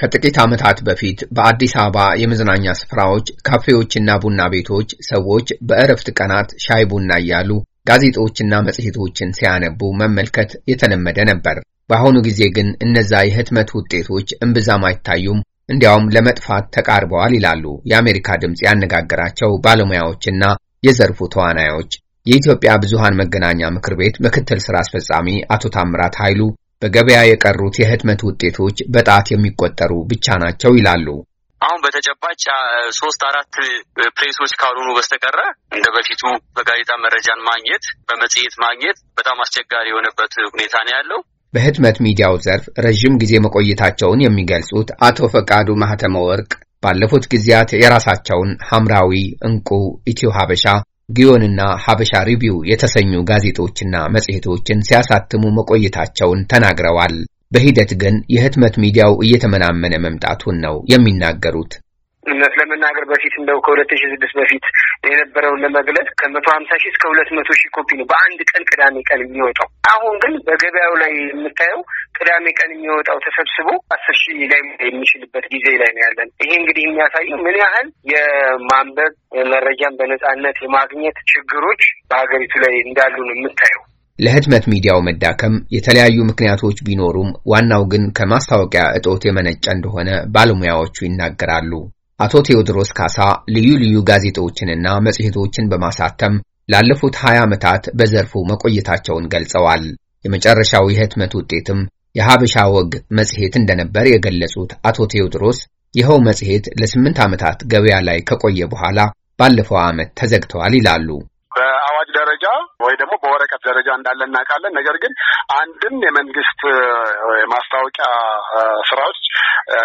ከጥቂት ዓመታት በፊት በአዲስ አበባ የመዝናኛ ስፍራዎች፣ ካፌዎችና ቡና ቤቶች ሰዎች በእረፍት ቀናት ሻይ ቡና እያሉ ጋዜጦችና መጽሔቶችን ሲያነቡ መመልከት የተለመደ ነበር። በአሁኑ ጊዜ ግን እነዛ የህትመት ውጤቶች እምብዛም አይታዩም፣ እንዲያውም ለመጥፋት ተቃርበዋል ይላሉ የአሜሪካ ድምፅ ያነጋገራቸው ባለሙያዎችና የዘርፉ ተዋናዮች። የኢትዮጵያ ብዙሃን መገናኛ ምክር ቤት ምክትል ስራ አስፈጻሚ አቶ ታምራት ኃይሉ በገበያ የቀሩት የህትመት ውጤቶች በጣት የሚቆጠሩ ብቻ ናቸው ይላሉ። አሁን በተጨባጭ ሶስት አራት ፕሬሶች ካልሆኑ በስተቀረ እንደ በፊቱ በጋዜጣ መረጃን ማግኘት በመጽሔት ማግኘት በጣም አስቸጋሪ የሆነበት ሁኔታ ነው ያለው። በህትመት ሚዲያው ዘርፍ ረዥም ጊዜ መቆየታቸውን የሚገልጹት አቶ ፈቃዱ ማህተመ ወርቅ ባለፉት ጊዜያት የራሳቸውን ሐምራዊ፣ እንቁ ኢትዮ ሀበሻ፣ ጊዮንና ሐበሻ ሪቪው የተሰኙ ጋዜጦችና መጽሔቶችን ሲያሳትሙ መቆየታቸውን ተናግረዋል። በሂደት ግን የህትመት ሚዲያው እየተመናመነ መምጣቱን ነው የሚናገሩት። እውነት ለመናገር በፊት እንደው ከሁለት ሺ ስድስት በፊት የነበረውን ለመግለጽ ከመቶ ሀምሳ ሺ እስከ ሁለት መቶ ሺ ኮፒ ነው በአንድ ቀን ቅዳሜ ቀን የሚወጣው። አሁን ግን በገበያው ላይ የምታየው ቅዳሜ ቀን የሚወጣው ተሰብስቦ አስር ሺ ላይ የሚችልበት ጊዜ ላይ ነው ያለን። ይሄ እንግዲህ የሚያሳየው ምን ያህል የማንበብ መረጃን በነጻነት የማግኘት ችግሮች በሀገሪቱ ላይ እንዳሉ ነው የምታየው። ለህትመት ሚዲያው መዳከም የተለያዩ ምክንያቶች ቢኖሩም ዋናው ግን ከማስታወቂያ እጦት የመነጨ እንደሆነ ባለሙያዎቹ ይናገራሉ። አቶ ቴዎድሮስ ካሳ ልዩ ልዩ ጋዜጦችንና መጽሔቶችን በማሳተም ላለፉት 20 ዓመታት በዘርፉ መቆየታቸውን ገልጸዋል። የመጨረሻው የህትመት ውጤትም የሐበሻ ወግ መጽሔት እንደነበር የገለጹት አቶ ቴዎድሮስ ይኸው መጽሔት ለስምንት ዓመታት ገበያ ላይ ከቆየ በኋላ ባለፈው ዓመት ተዘግተዋል ይላሉ። በአዋጅ ደረጃ ወይ ደግሞ በወረቀት ደረጃ እንዳለ እናውቃለን። ነገር ግን አንድም የመንግስት ማስታወቂያ ስራዎች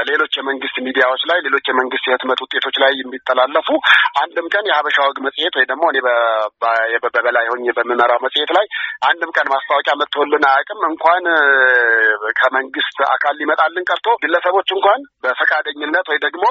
ሌሎች የመንግስት ሚዲያዎች ላይ፣ ሌሎች የመንግስት የህትመት ውጤቶች ላይ የሚተላለፉ አንድም ቀን የሀበሻ ወግ መጽሔት ወይ ደግሞ እኔ በበላይ ሆኜ በምመራው መጽሔት ላይ አንድም ቀን ማስታወቂያ መጥቶልን አያውቅም። እንኳን ከመንግስት አካል ሊመጣልን ቀርቶ ግለሰቦች እንኳን በፈቃደኝነት ወይ ደግሞ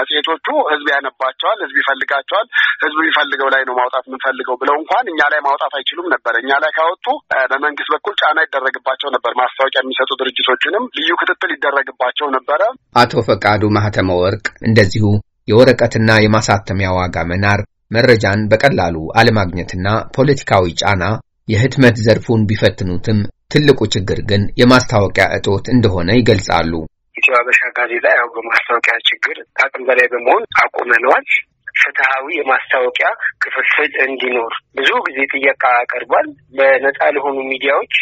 መጽሔቶቹ ህዝብ ያነባቸዋል፣ ህዝብ ይፈልጋቸዋል፣ ህዝብ የሚፈልገው ላይ ነው ማውጣት የምንፈልገው ብለው እንኳን እኛ ላይ ማውጣት አይችሉም ነበር። እኛ ላይ ካወጡ በመንግስት በኩል ጫና ይደረግባቸው ነበር። ማስታወቂያ የሚሰጡ ድርጅቶችንም ልዩ ክትትል ይደረግባቸው ነበር። ነበረ። አቶ ፈቃዱ ማህተመ ወርቅ እንደዚሁ የወረቀትና የማሳተሚያ ዋጋ መናር፣ መረጃን በቀላሉ አለማግኘትና ፖለቲካዊ ጫና የህትመት ዘርፉን ቢፈትኑትም ትልቁ ችግር ግን የማስታወቂያ እጦት እንደሆነ ይገልጻሉ። ኢትዮ አበሻ ጋዜጣ ያው በማስታወቂያ ችግር አቅም በላይ በመሆን አቁመነዋል። ፍትሐዊ የማስታወቂያ ክፍፍል እንዲኖር ብዙ ጊዜ ጥያቄ ቀርቧል። በነጻ ለሆኑ ሚዲያዎች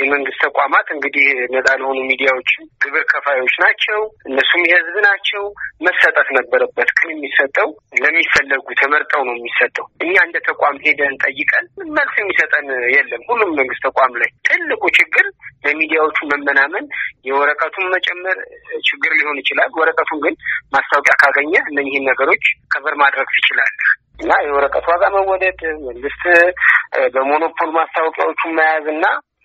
የመንግስት ተቋማት እንግዲህ ነጻ ለሆኑ ሚዲያዎች ግብር ከፋዮች ናቸው፣ እነሱም የህዝብ ናቸው። መሰጠት ነበረበት፣ ግን የሚሰጠው ለሚፈለጉ ተመርጠው ነው የሚሰጠው። እኛ እንደ ተቋም ሄደን ጠይቀን መልስ የሚሰጠን የለም። ሁሉም መንግስት ተቋም ላይ ትልቁ ችግር ለሚዲያዎቹ መመናመን፣ የወረቀቱን መጨመር ችግር ሊሆን ይችላል። ወረቀቱን ግን ማስታወቂያ ካገኘ እነኚህን ነገሮች ከበር ማድረግ ትችላለህ እና የወረቀት ዋጋ መወደድ፣ መንግስት በሞኖፖል ማስታወቂያዎቹን መያዝ እና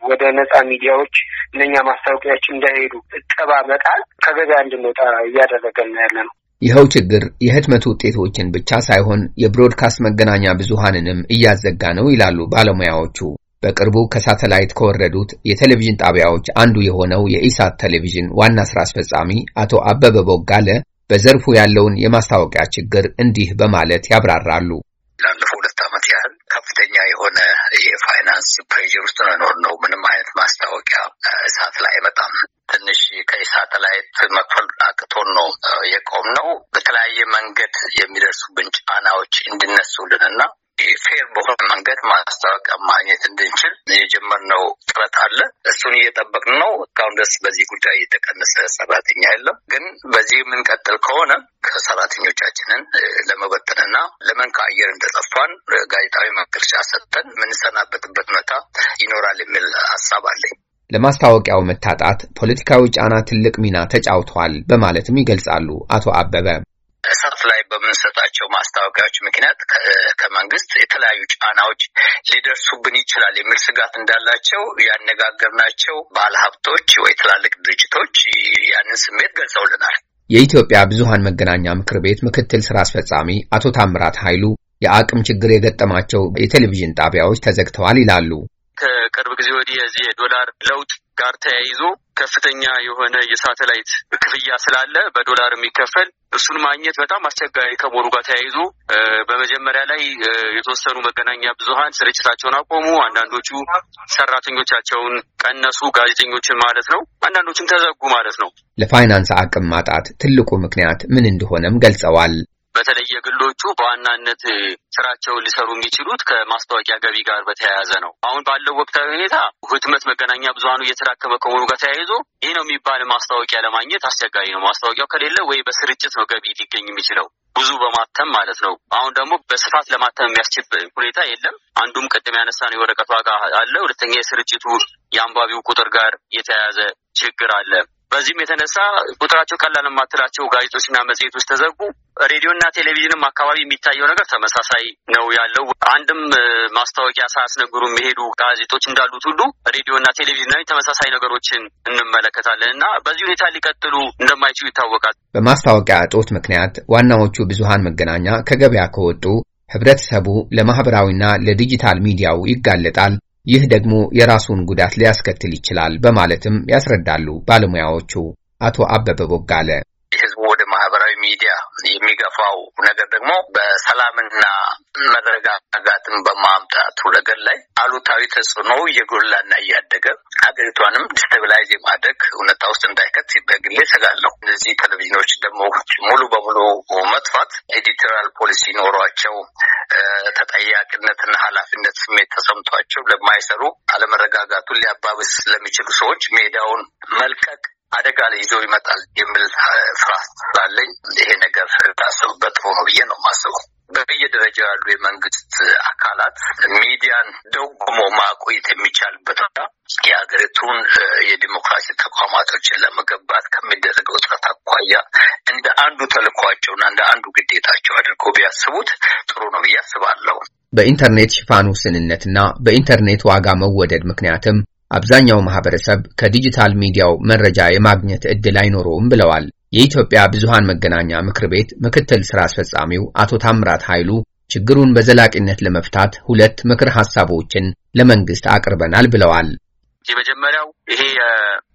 ወደ ነጻ ሚዲያዎች እነኛ ማስታወቂያዎች እንዳይሄዱ እጠባ መጣል ከገበያ እንድንወጣ እያደረገን ያለ ነው። ይኸው ችግር የህትመት ውጤቶችን ብቻ ሳይሆን የብሮድካስት መገናኛ ብዙሃንንም እያዘጋ ነው ይላሉ ባለሙያዎቹ። በቅርቡ ከሳተላይት ከወረዱት የቴሌቪዥን ጣቢያዎች አንዱ የሆነው የኢሳት ቴሌቪዥን ዋና ስራ አስፈጻሚ አቶ አበበ ቦጋለ በዘርፉ ያለውን የማስታወቂያ ችግር እንዲህ በማለት ያብራራሉ። ላለፈው ሁለት ዓመት ያህል ከፍተኛ የሆነ የፋይናንስ ፕሬር ውስጥ መኖር ነው ምንም አይነት ማስታወቂያ እሳት ላይ አይመጣም። ትንሽ ከሳተላይት መክፈል አቅቶን ነው የቆም ነው። በተለያየ መንገድ የሚደርሱብን ጫናዎች እንዲነሱልንና ፌር በሆነ መንገድ ማስታወቂያ ማግኘት እንድንችል የጀመርነው ጥረት አለ። እሱን እየጠበቅን ነው። እስካሁን ድረስ በዚህ ጉዳይ የተቀነሰ ሰራተኛ የለም። ግን በዚህ የምንቀጥል ከሆነ ከሰራተኞቻችንን ለመበተንና ለምን ከአየር እንደጠፋን ጋዜጣዊ መግለጫ ሰጥተን የምንሰናበትበት ሁኔታ ይኖራል የሚል ሀሳብ አለኝ። ለማስታወቂያው መታጣት ፖለቲካዊ ጫና ትልቅ ሚና ተጫውተዋል በማለትም ይገልጻሉ አቶ አበበ። በምንሰጣቸው ማስታወቂያዎች ምክንያት ከመንግስት የተለያዩ ጫናዎች ሊደርሱብን ይችላል የሚል ስጋት እንዳላቸው ያነጋገርናቸው ባለሀብቶች ወይ ትላልቅ ድርጅቶች ያንን ስሜት ገልጸውልናል። የኢትዮጵያ ብዙሃን መገናኛ ምክር ቤት ምክትል ስራ አስፈጻሚ አቶ ታምራት ኃይሉ የአቅም ችግር የገጠማቸው የቴሌቪዥን ጣቢያዎች ተዘግተዋል ይላሉ። ከቅርብ ጊዜ ወዲህ የዚህ የዶላር ለውጥ ጋር ተያይዞ ከፍተኛ የሆነ የሳተላይት ክፍያ ስላለ በዶላር የሚከፈል እሱን ማግኘት በጣም አስቸጋሪ ከመሆኑ ጋር ተያይዞ በመጀመሪያ ላይ የተወሰኑ መገናኛ ብዙኃን ስርጭታቸውን አቆሙ። አንዳንዶቹ ሰራተኞቻቸውን ቀነሱ፣ ጋዜጠኞችን ማለት ነው። አንዳንዶችን ተዘጉ ማለት ነው። ለፋይናንስ አቅም ማጣት ትልቁ ምክንያት ምን እንደሆነም ገልጸዋል። በተለይ የግሎቹ በዋናነት ስራቸውን ሊሰሩ የሚችሉት ከማስታወቂያ ገቢ ጋር በተያያዘ ነው። አሁን ባለው ወቅታዊ ሁኔታ ህትመት መገናኛ ብዙሀኑ እየተዳከመ ከመሆኑ ጋር ተያይዞ ይህ ነው የሚባል ማስታወቂያ ለማግኘት አስቸጋሪ ነው። ማስታወቂያው ከሌለ ወይ በስርጭት ነው ገቢ ሊገኝ የሚችለው ብዙ በማተም ማለት ነው። አሁን ደግሞ በስፋት ለማተም የሚያስችል ሁኔታ የለም። አንዱም ቅድም ያነሳ ነው የወረቀት ዋጋ አለ። ሁለተኛ የስርጭቱ የአንባቢው ቁጥር ጋር የተያያዘ ችግር አለ። በዚህም የተነሳ ቁጥራቸው ቀላል የማትላቸው ጋዜጦችና መጽሔቶች ተዘጉ። ሬዲዮና ቴሌቪዥንም አካባቢ የሚታየው ነገር ተመሳሳይ ነው ያለው። አንድም ማስታወቂያ ሳያስነግሩ የሚሄዱ ጋዜጦች እንዳሉት ሁሉ ሬዲዮና ቴሌቪዥን ላይ ተመሳሳይ ነገሮችን እንመለከታለን እና በዚህ ሁኔታ ሊቀጥሉ እንደማይችሉ ይታወቃል። በማስታወቂያ እጦት ምክንያት ዋናዎቹ ብዙሃን መገናኛ ከገበያ ከወጡ ህብረተሰቡ ለማህበራዊና ለዲጂታል ሚዲያው ይጋለጣል፣ ይህ ደግሞ የራሱን ጉዳት ሊያስከትል ይችላል በማለትም ያስረዳሉ ባለሙያዎቹ። አቶ አበበ ቦጋለ ህዝቡ ወደ ማህበራዊ ሚዲያ የሚገፋው ነገር ደግሞ በሰላምና መረጋጋትን በማምጣቱ ረገድ ላይ አሉታዊ ተጽዕኖ እየጎላና እያደገ ሀገሪቷንም ዲስተብላይዝ የማድረግ እውነታ ውስጥ እንዳይከት በግሌ ሰጋለሁ። እነዚህ ቴሌቪዥኖች ደግሞ ሙሉ በሙሉ መጥፋት ኤዲቶሪያል ፖሊሲ ኖሯቸው ተጠያቂነትና ኃላፊነት ስሜት ተሰምቷቸው ለማይሰሩ አለመረጋጋቱን ሊያባብስ ስለሚችሉ ሰዎች ሜዳውን መልቀቅ አደጋ ላይ ይዞ ይመጣል የሚል ፍርሃት ስላለኝ ይሄ ነገር ታስቡበት ጥሩ ነው ብዬ ነው የማስበው። በየደረጃ ያሉ የመንግስት አካላት ሚዲያን ደጉሞ ማቆየት የሚቻልበት የሀገሪቱን የዲሞክራሲ ተቋማቶችን ለመገንባት ከሚደረገው ጥረት አኳያ እንደ አንዱ ተልኳቸውና እንደ አንዱ ግዴታቸው ቢያስቡት ጥሩ ነው ብዬ አስባለሁ። በኢንተርኔት ሽፋን ውስንነትና በኢንተርኔት ዋጋ መወደድ ምክንያትም አብዛኛው ማህበረሰብ ከዲጂታል ሚዲያው መረጃ የማግኘት ዕድል አይኖረውም ብለዋል የኢትዮጵያ ብዙሃን መገናኛ ምክር ቤት ምክትል ስራ አስፈጻሚው አቶ ታምራት ኃይሉ። ችግሩን በዘላቂነት ለመፍታት ሁለት ምክር ሐሳቦችን ለመንግስት አቅርበናል ብለዋል። የመጀመሪያው ይሄ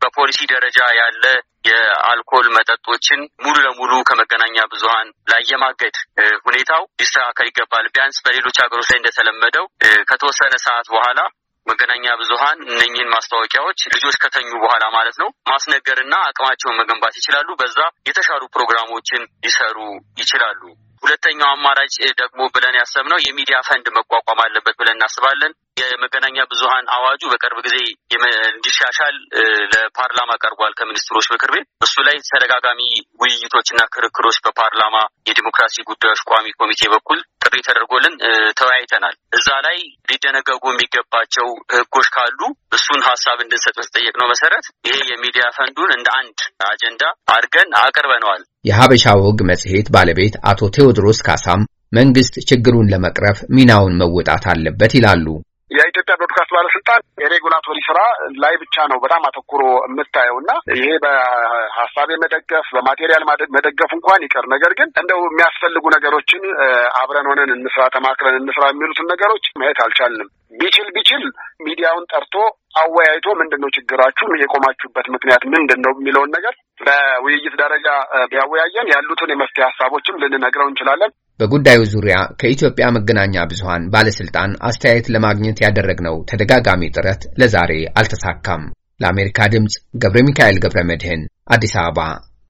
በፖሊሲ ደረጃ ያለ የአልኮል መጠጦችን ሙሉ ለሙሉ ከመገናኛ ብዙኃን ላይ የማገድ ሁኔታው ሊስተካከል ይገባል። ቢያንስ በሌሎች ሀገሮች ላይ እንደተለመደው ከተወሰነ ሰዓት በኋላ መገናኛ ብዙኃን እነኝህን ማስታወቂያዎች ልጆች ከተኙ በኋላ ማለት ነው ማስነገርና አቅማቸውን መገንባት ይችላሉ። በዛ የተሻሉ ፕሮግራሞችን ሊሰሩ ይችላሉ። ሁለተኛው አማራጭ ደግሞ ብለን ያሰብነው የሚዲያ ፈንድ መቋቋም አለበት ብለን እናስባለን። ብዙሀን አዋጁ በቅርብ ጊዜ እንዲሻሻል ለፓርላማ ቀርቧል ከሚኒስትሮች ምክር ቤት። እሱ ላይ ተደጋጋሚ ውይይቶችና ክርክሮች በፓርላማ የዲሞክራሲ ጉዳዮች ቋሚ ኮሚቴ በኩል ጥሪ ተደርጎልን ተወያይተናል። እዛ ላይ ሊደነገጉ የሚገባቸው ህጎች ካሉ እሱን ሀሳብ እንድንሰጥ ነው መሰረት ይሄ የሚዲያ ፈንዱን እንደ አንድ አጀንዳ አድርገን አቅርበነዋል። የሀበሻ ወግ መጽሔት ባለቤት አቶ ቴዎድሮስ ካሳም መንግስት ችግሩን ለመቅረፍ ሚናውን መወጣት አለበት ይላሉ። የኢትዮጵያ ብሮድካስት ባለስልጣን የሬጉላቶሪ ስራ ላይ ብቻ ነው በጣም አተኩሮ የምታየው እና ይሄ በሀሳብ መደገፍ በማቴሪያል መደገፍ እንኳን ይቀር፣ ነገር ግን እንደው የሚያስፈልጉ ነገሮችን አብረን ሆነን እንስራ፣ ተማክረን እንስራ የሚሉትን ነገሮች ማየት አልቻልንም። ቢችል ቢችል ሚዲያውን ጠርቶ አወያይቶ ምንድን ነው ችግራችሁ፣ የቆማችሁበት ምክንያት ምንድን ነው የሚለውን ነገር በውይይት ደረጃ ቢያወያየን ያሉትን የመፍትሄ ሀሳቦችም ልንነግረው እንችላለን። በጉዳዩ ዙሪያ ከኢትዮጵያ መገናኛ ብዙኃን ባለስልጣን አስተያየት ለማግኘት ያደረግነው ተደጋጋሚ ጥረት ለዛሬ አልተሳካም። ለአሜሪካ ድምፅ ገብረ ሚካኤል ገብረ መድህን አዲስ አበባ